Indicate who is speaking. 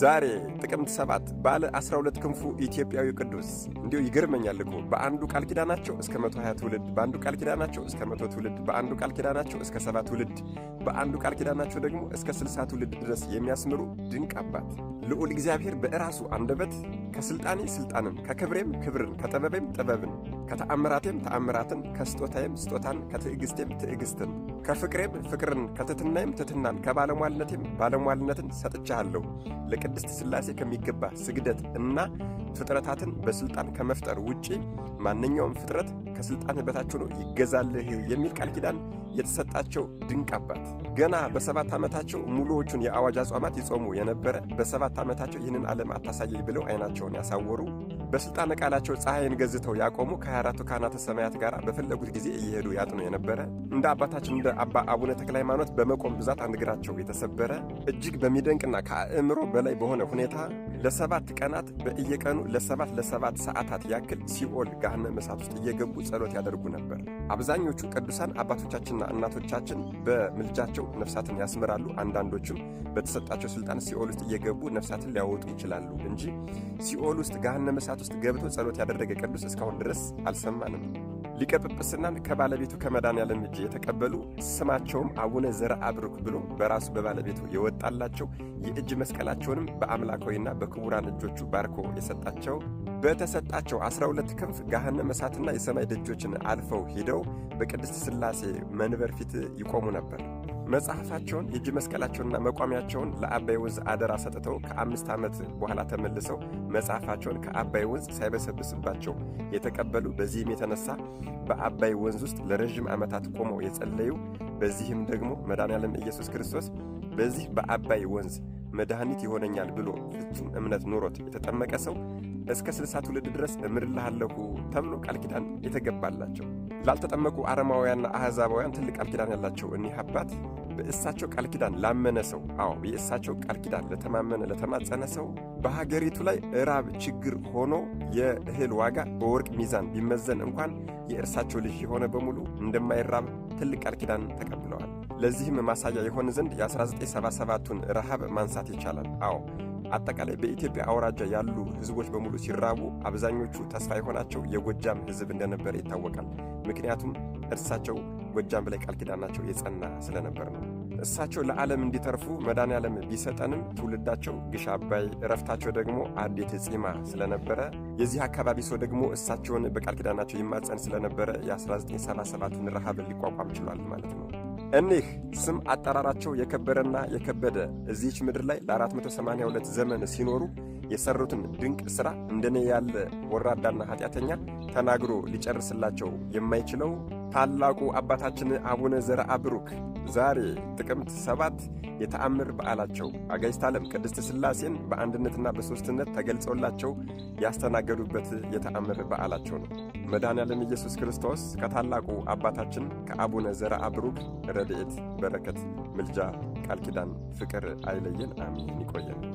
Speaker 1: ዛሬ ጥቅምት ሰባት ባለ 12 ክንፉ ኢትዮጵያዊ ቅዱስ እንዲሁ ይገርመኛል እኮ በአንዱ ቃል ኪዳናቸው እስከ 120 ትውልድ፣ በአንዱ ቃል ኪዳናቸው እስከ 100 ትውልድ፣ በአንዱ ቃል ኪዳናቸው እስከ 70 ትውልድ፣ በአንዱ ቃል ኪዳናቸው ደግሞ እስከ 60 ትውልድ ድረስ የሚያስምሩ ድንቅ አባት ልዑል እግዚአብሔር በእራሱ አንደበት ከስልጣኔ ሥልጣንን፣ ከክብሬም ክብርን፣ ከጥበቤም ጥበብን፣ ከተአምራቴም ተአምራትን፣ ከስጦታዬም ስጦታን፣ ከትዕግስቴም ትዕግስትን፣ ከፍቅሬም ፍቅርን፣ ከትትናዬም ትትናን፣ ከባለሟልነቴም ባለሟልነትን ሰጥቻለሁ። ለቅድስት ሥላሴ ከሚገባ ስግደት እና ፍጥረታትን በሥልጣን ከመፍጠር ውጪ ማንኛውም ፍጥረት ከሥልጣን በታች ሆኖ ይገዛልህ የሚል ቃል ኪዳን የተሰጣቸው ድንቅ አባት ገና በሰባት ዓመታቸው ሙሉዎቹን የአዋጅ አጽዋማት ይጾሙ የነበረ በሰባት ዓመታቸው ይህንን ዓለም አታሳየኝ ብለው ዓይናቸውን ያሳወሩ በሥልጣነ ቃላቸው ፀሐይን ገዝተው ያቆሙ ከ24ቱ ካህናተ ሰማያት ጋር በፈለጉት ጊዜ እየሄዱ ያጥኑ የነበረ እንደ አባታችን እንደ አባ አቡነ ተክለ ሃይማኖት በመቆም ብዛት አንድ እግራቸው የተሰበረ እጅግ በሚደንቅና ከአእምሮ በላይ በሆነ ሁኔታ ለሰባት ቀናት በእየቀኑ ለሰባት ለሰባት ሰዓታት ያክል ሲኦል ገሃነመ እሳት ውስጥ እየገቡ ጸሎት ያደርጉ ነበር። አብዛኞቹ ቅዱሳን አባቶቻችን አባቶቻችንና እናቶቻችን በምልጃቸው ነፍሳትን ያስምራሉ። አንዳንዶችም በተሰጣቸው ስልጣን ሲኦል ውስጥ እየገቡ ነፍሳትን ሊያወጡ ይችላሉ እንጂ ሲኦል ውስጥ ገሃነመ እሳት ውስጥ ገብቶ ጸሎት ያደረገ ቅዱስ እስካሁን ድረስ አልሰማንም። ሊቀ ጵጵስናን ከባለቤቱ ከመድኃኔዓለም እጅ የተቀበሉ ስማቸውም አቡነ ዘረ አብሩክ ብሎ በራሱ በባለቤቱ የወጣላቸው የእጅ መስቀላቸውንም በአምላካዊና በክቡራን እጆቹ ባርኮ የሰጣቸው በተሰጣቸው ዐሥራ ሁለት ክንፍ ገሃነመ እሳትና የሰማይ ደጆችን አልፈው ሂደው በቅድስት ሥላሴ መንበር ፊት ይቆሙ ነበር። መጽሐፋቸውን የእጅ መስቀላቸውንና መቋሚያቸውን ለአባይ ወንዝ አደራ ሰጥተው ከአምስት ዓመት በኋላ ተመልሰው መጽሐፋቸውን ከአባይ ወንዝ ሳይበሰብስባቸው የተቀበሉ በዚህም የተነሳ በአባይ ወንዝ ውስጥ ለረዥም ዓመታት ቆመው የጸለዩ በዚህም ደግሞ መድኃኔዓለም ኢየሱስ ክርስቶስ በዚህ በአባይ ወንዝ መድኃኒት ይሆነኛል ብሎ ፍጹም እምነት ኑሮት የተጠመቀ ሰው እስከ ስልሳ ትውልድ ድረስ እምርልሃለሁ ተብሎ ቃል ኪዳን የተገባላቸው ላልተጠመቁ አረማውያንና አሕዛባውያን ትልቅ ቃል ኪዳን ያላቸው እኒህ አባት በእሳቸው ቃል ኪዳን ላመነ ሰው፣ አዎ የእሳቸው ቃል ኪዳን ለተማመነ ለተማጸነ ሰው በሀገሪቱ ላይ እራብ ችግር ሆኖ የእህል ዋጋ በወርቅ ሚዛን ቢመዘን እንኳን የእርሳቸው ልጅ የሆነ በሙሉ እንደማይራብ ትልቅ ቃል ኪዳን ተቀብለዋል። ለዚህም ማሳያ የሆነ ዘንድ የ1977ቱን ረሃብ ማንሳት ይቻላል። አዎ አጠቃላይ በኢትዮጵያ አውራጃ ያሉ ህዝቦች በሙሉ ሲራቡ አብዛኞቹ ተስፋ የሆናቸው የጎጃም ህዝብ እንደነበረ ይታወቃል። ምክንያቱም እርሳቸው ጎጃም በላይ ቃል ኪዳናቸው የጸና ስለነበር ነው። እሳቸው ለዓለም እንዲተርፉ ያለም ቢሰጠንም ትውልዳቸው ግሽ አባይ እረፍታቸው ደግሞ አዴት ጺማ ስለነበረ የዚህ አካባቢ ሰው ደግሞ እሳቸውን በቃል ኪዳናቸው ይማጸን ስለነበረ የ1977ቱን ረሃብ ሊቋቋም ችሏል ማለት ነው። እኒህ ስም አጠራራቸው የከበረና የከበደ እዚህች ምድር ላይ ለ482 ዘመን ሲኖሩ የሰሩትን ድንቅ ሥራ እንደኔ ያለ ወራዳና ኃጢአተኛ ተናግሮ ሊጨርስላቸው የማይችለው ታላቁ አባታችን አቡነ ዘርአ ብሩክ ዛሬ ጥቅምት ሰባት የተአምር በዓላቸው አጋዕዝተ ዓለም ቅድስት ሥላሴን በአንድነትና በሦስትነት ተገልጸውላቸው ያስተናገዱበት የተአምር በዓላቸው ነው። መድኃኔዓለም ኢየሱስ ክርስቶስ ከታላቁ አባታችን ከአቡነ ዘርአ ብሩክ ረድኤት፣ በረከት፣ ምልጃ፣ ቃል ኪዳን፣ ፍቅር አይለየን። አሜን። ይቆየን።